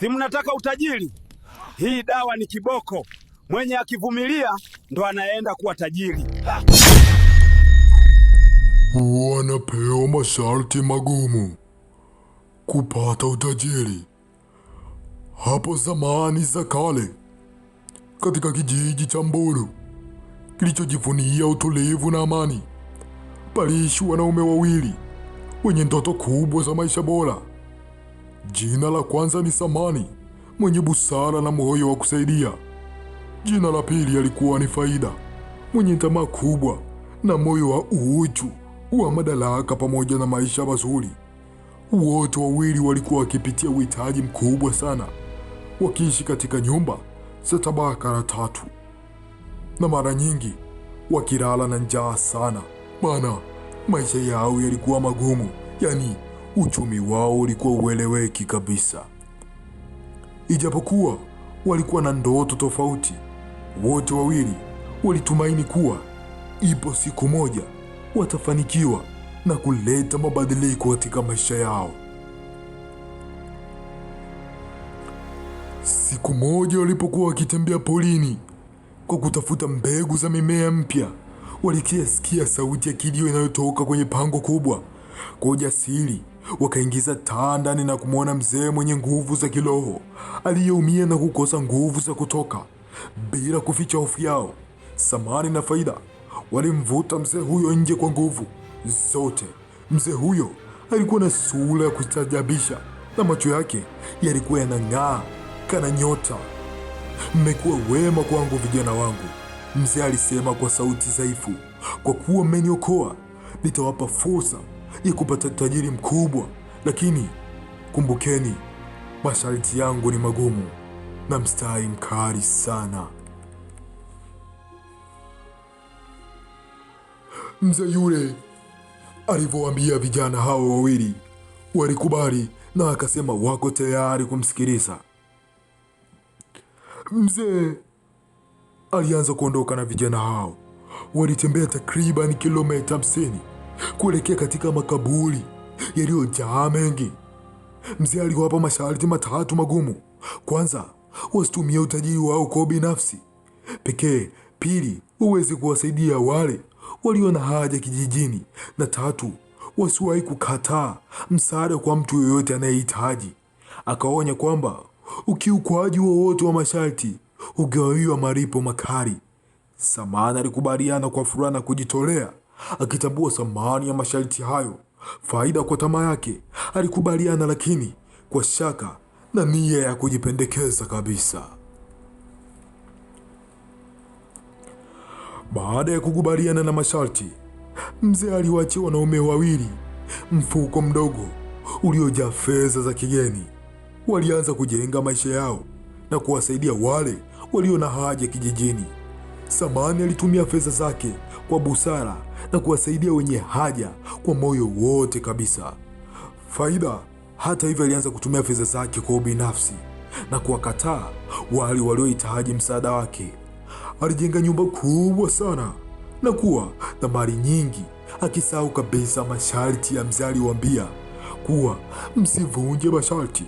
Si mnataka utajiri? Hii dawa ni kiboko, mwenye akivumilia ndo anaenda kuwa tajiri. Wanapewa masharti magumu kupata utajiri. Hapo zamani za kale, katika kijiji cha Mbulu kilichojivunia utulivu na amani, paliishi wanaume wawili wenye ndoto kubwa za maisha bora. Jina la kwanza ni Samani, mwenye busara na moyo wa kusaidia. Jina la pili alikuwa ni Faida, mwenye tamaa kubwa na moyo wa uchu wa madaraka pamoja na maisha mazuri. Wote wawili walikuwa wakipitia uhitaji mkubwa sana, wakiishi katika nyumba za tabaka la tatu, na mara nyingi wakilala na njaa sana, maana maisha yao yalikuwa magumu yani uchumi wao ulikuwa ueleweki kabisa. Ijapokuwa walikuwa na ndoto tofauti, wote wawili walitumaini kuwa ipo siku moja watafanikiwa na kuleta mabadiliko katika maisha yao. Siku moja walipokuwa wakitembea porini kwa kutafuta mbegu za mimea mpya, walikisikia sauti ya kilio inayotoka kwenye pango kubwa. Kwa ujasiri wakaingiza taa ndani na kumwona mzee mwenye nguvu za kiroho aliyeumia na kukosa nguvu za kutoka. Bila kuficha hofu yao, Samani na Faida walimvuta mzee huyo nje kwa nguvu zote. Mzee huyo alikuwa na sura ya kustajabisha na macho yake yalikuwa yanang'aa kana nyota. Mmekuwa wema kwangu, vijana wangu, mzee alisema kwa sauti dhaifu. Kwa kuwa mmeniokoa, nitawapa fursa ya kupata tajiri mkubwa, lakini kumbukeni, masharti yangu ni magumu na mstari mkali sana. Mzee yule alivyowaambia vijana hao wawili, walikubali na akasema wako tayari kumsikiliza. Mzee alianza kuondoka na vijana hao, walitembea takriban kilomita hamsini kuelekea katika makaburi yaliyojaa mengi. Mzee aliwapa masharti matatu magumu. Kwanza, wasitumie utajiri wao kwa binafsi pekee. Pili, waweze kuwasaidia wale walio na haja kijijini, na tatu, wasiwahi kukataa msaada kwa mtu yoyote anayehitaji. Akaonya kwamba ukiukwaji wowote wa, wa masharti ugawiwa maripo makali. Samana alikubaliana kwa furaha na kujitolea Akitambua samani ya masharti hayo, faida kwa tamaa yake, alikubaliana, lakini kwa shaka na nia ya kujipendekeza kabisa. Baada ya kukubaliana na masharti, mzee aliwaachia wanaume wawili mfuko mdogo uliojaa fedha za kigeni. Walianza kujenga maisha yao na kuwasaidia wale walio na haja kijijini. Samani alitumia fedha zake kwa busara na kuwasaidia wenye haja kwa moyo wote kabisa. Faida hata hivyo alianza kutumia fedha zake kwa ubinafsi na kuwakataa wale waliohitaji msaada wake. Alijenga nyumba kubwa sana na kuwa na mali nyingi, akisahau kabisa masharti ya wa mbia kuwa msivunje masharti.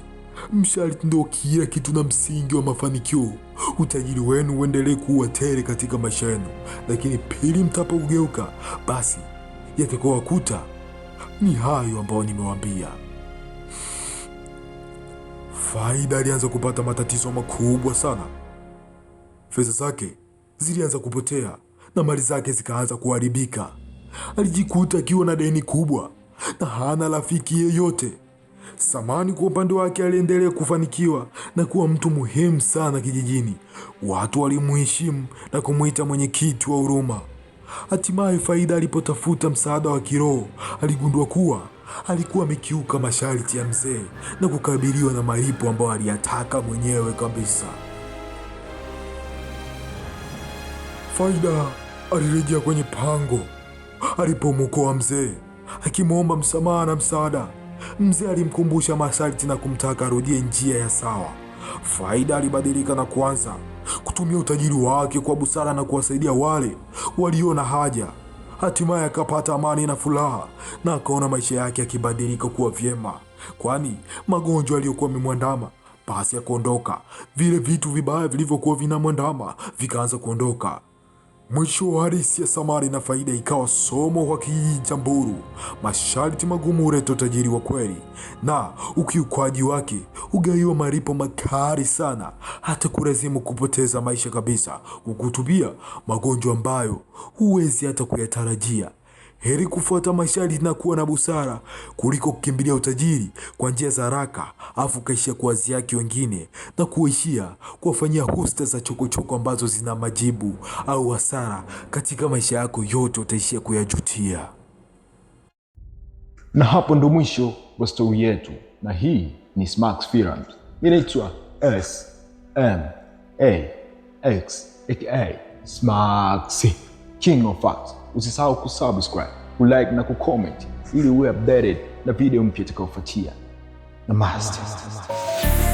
Msharti ndio kila kitu na msingi wa mafanikio. Utajiri wenu uendelee kuwa tele katika maisha yenu, lakini pili, mtapogeuka basi yatakowakuta ni hayo ambayo nimewambia Faida alianza kupata matatizo makubwa sana. Fedha zake zilianza kupotea na mali zake zikaanza kuharibika. Alijikuta akiwa na deni kubwa na hana rafiki yeyote. Samani kwa upande wake aliendelea kufanikiwa na kuwa mtu muhimu sana kijijini. Watu walimuheshimu na kumwita mwenyekiti wa huruma. Hatimaye Faida alipotafuta msaada wa kiroho aligundua kuwa alikuwa amekiuka masharti ya mzee na kukabiliwa na malipo ambayo aliyataka mwenyewe kabisa. Faida alirejea kwenye pango alipomwokoa mzee akimwomba msamaha na msaada Mzee alimkumbusha masharti na kumtaka arudie njia ya sawa. Faida alibadilika na kuanza kutumia utajiri wake kwa busara na kuwasaidia wale waliona haja. Hatimaye akapata amani na furaha na akaona maisha yake yakibadilika kuwa vyema, kwani magonjwa aliyokuwa amemwandama basi ya kuondoka. Vile vitu vibaya vilivyokuwa vinamwandama vikaanza kuondoka. Mwisho wa harisi ya Samari na Faida ikawa somo kwa kijiji cha Mburu, masharti magumu huleta utajiri wa kweli, na ukiukwaji wake ugaiwa malipo makali sana, hata kulazimu kupoteza maisha kabisa, kukutubia magonjwa ambayo huwezi hata kuyatarajia. Heri kufuata mashari na kuwa na busara kuliko kukimbilia utajiri kwa njia za haraka, afu kaishia kuwazia yake wengine na kuishia kuwafanyia husta za chokochoko ambazo zina majibu au hasara katika maisha yako yote, utaishia kuyajutia. Na hapo ndo mwisho wa stori yetu, na hii ni Smax Films. inaitwa S M A X aka Smax King of Facts. Usisahau kusubscribe, kulike na kucomment ili uwe updated na video mpya itakayofuatia. Namaste.